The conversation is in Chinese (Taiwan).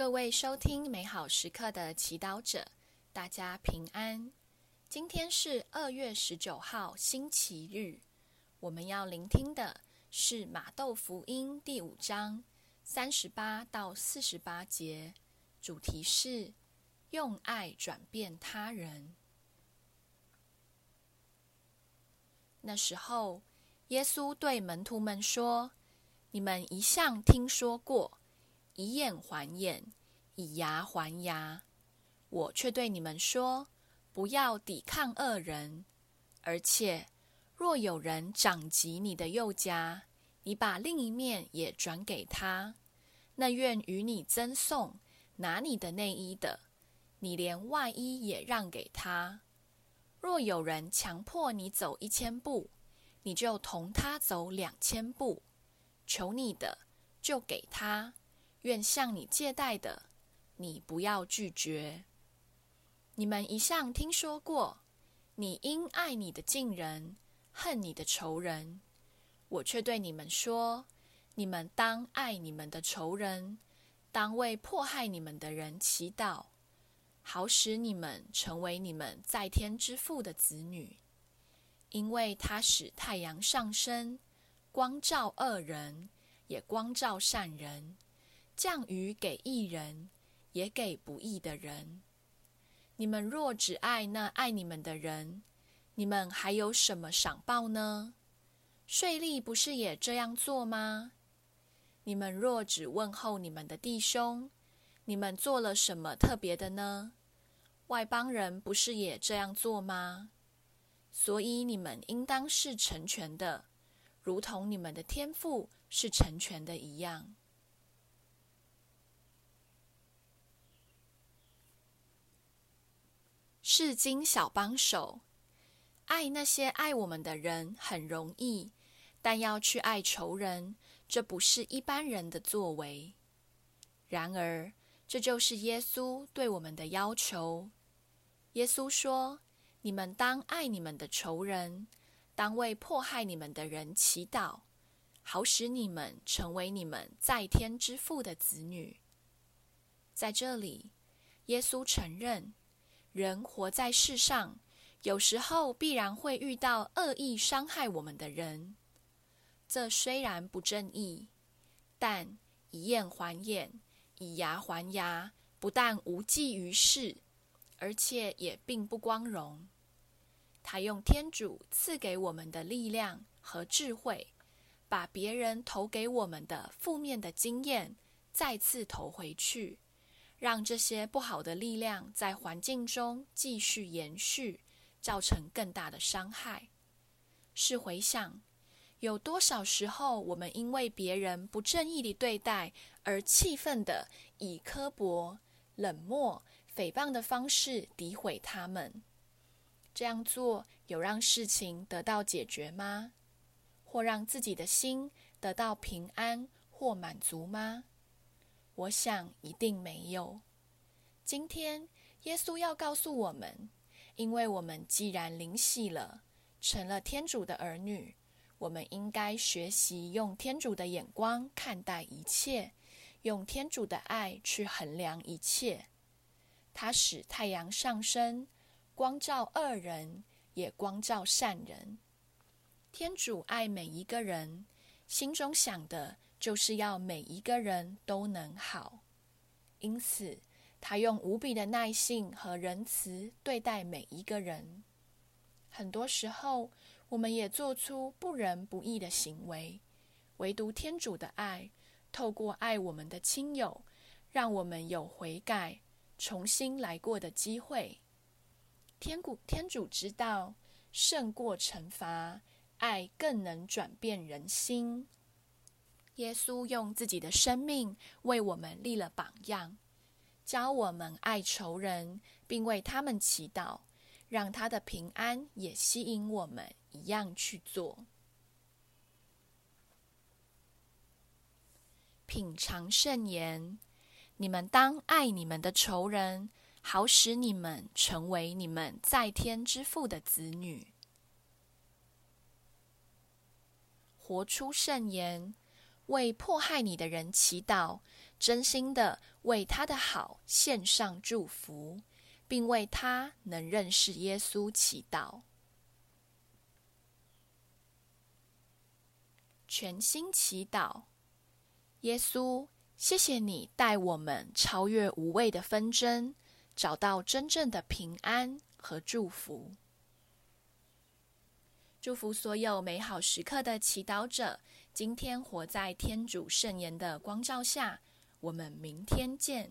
各位收聽美好時刻的祈禱者，大家平安。今天是二月十九號星期日，我們要聆聽的是馬竇福音第五章三十八到四十八節，主題是用愛轉變他人。那時候，耶穌對門徒們說：“你們一向聽說過。”以眼還眼，以牙還牙。我卻對你們說，不要抵抗惡人。而且，若有人掌擊你的右頰，你把另一面也轉給他；那願與你爭訟，拿你的內衣的，你連外衣也讓給他。若有人強迫你走一千步，你就同他走兩千步。求你的，就給他。願向你借貸的，你不要拒絕。你們一向聽說過，你應愛你的近人，恨你的仇人。我卻對你們說，你們當愛你們的仇人，當為迫害你們的人祈禱，好使你們成為你們在天之父的子女，因為他使太陽上升，光照惡人，也光照善人。降雨給義人，也給不義的人。你們若只愛那愛你們的人，你們還有什麼賞報呢？稅吏不是也這樣做嗎？你們若只問候你們的弟兄，你們做了什麼特別的呢？外邦人不是也這樣做嗎？所以你們應當是成全的，如同你們的天父是成全的一樣。聖經小幫手，愛那些愛我們的人很容易，但要去愛仇人，這不是一般人的作為。然而，這就是耶穌對我們的要求。耶穌說：“你們當愛你們的仇人，當為迫害你們的人祈禱，好使你們成為你們在天之父的子女。”在這裡，耶穌承認。人活在世上，有時候必然會遇到惡意傷害我們的人。這雖然不正義，但以眼還眼，以牙還牙，不但無濟於事，而且也並不光榮。他用天主賜給我們的力量和智慧，把別人投給我們的負面的經驗，再次投回去。讓這些不好的力量在環境中繼續延續，造成更大的傷害。試回想有多少時候，我們因為別人不正義的對待，而氣憤地以刻薄、冷漠、誹謗的方式詆毀他們。這樣做有讓事情得到解決嗎？或讓自己的心得到平安或滿足嗎？我想一定沒有。今天，耶穌要告訴我們，因為我們既然領洗了，成了天主的兒女，我們應該學習用天主的眼光看待一切，用天主的愛去衡量一切。他使太陽上升，光照惡人，也光照善人。天主愛每一個人，心中想的。就是要每一個人都能好，因此他用無比的耐性和仁慈對待每一個人。很多時候，我們也做出不仁不義的行為，唯獨天主的愛，透過愛我們的親友，讓我們有悔改、重新來過的機會。天古天主知道，勝過懲罰，愛更能轉變人心。耶穌用自己的生命為我們立了榜樣，教我們愛仇人，並為他們祈禱，讓他的平安也吸引我們一樣去做。品嘗聖言，你們當愛你們的仇人，好使你們成為你們在天之父的子女。活出聖言。為迫害你的人祈禱，真心的為他的好獻上祝福，並為他能認識耶穌祈禱。全心祈禱。耶穌，謝謝你帶我們超越無謂的紛爭，找到真正的平安和祝福。祝福所有美好時刻的祈禱者。今天活在天主聖言的光照下，我們明天見。